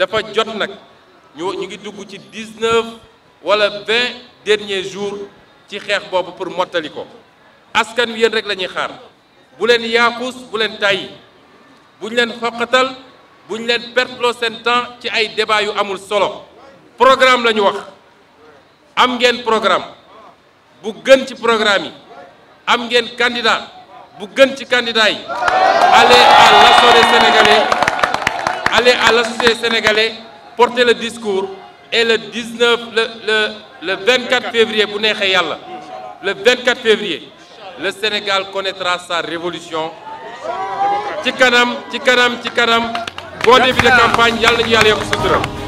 dafa jot nag ñu ñu ngi dugg ci 19 wala 20 derniers jours ci xeex boobu pour mottali ko askan wi yéen rek la ñuy xaar bu leen yaakus bu leen tàyyi buñ leen xoqatal buñ leen pertloo seen temps ci ay débat yu amul solo programme la ñu wax am ngeen programme bu gën ci programme yi am ngeen candidat bu gën ci candidat yi allez à l'Assemblée sénégalaise allez à l'associé sénégalais porter le discours et le 19 le le le 24 février bu neexee yàlla le 24 février le Sénégal connaîtra sa révolution ci kanam ci kanam ci kanam boo début de campagne yàlla nañu yàlla yokk sutura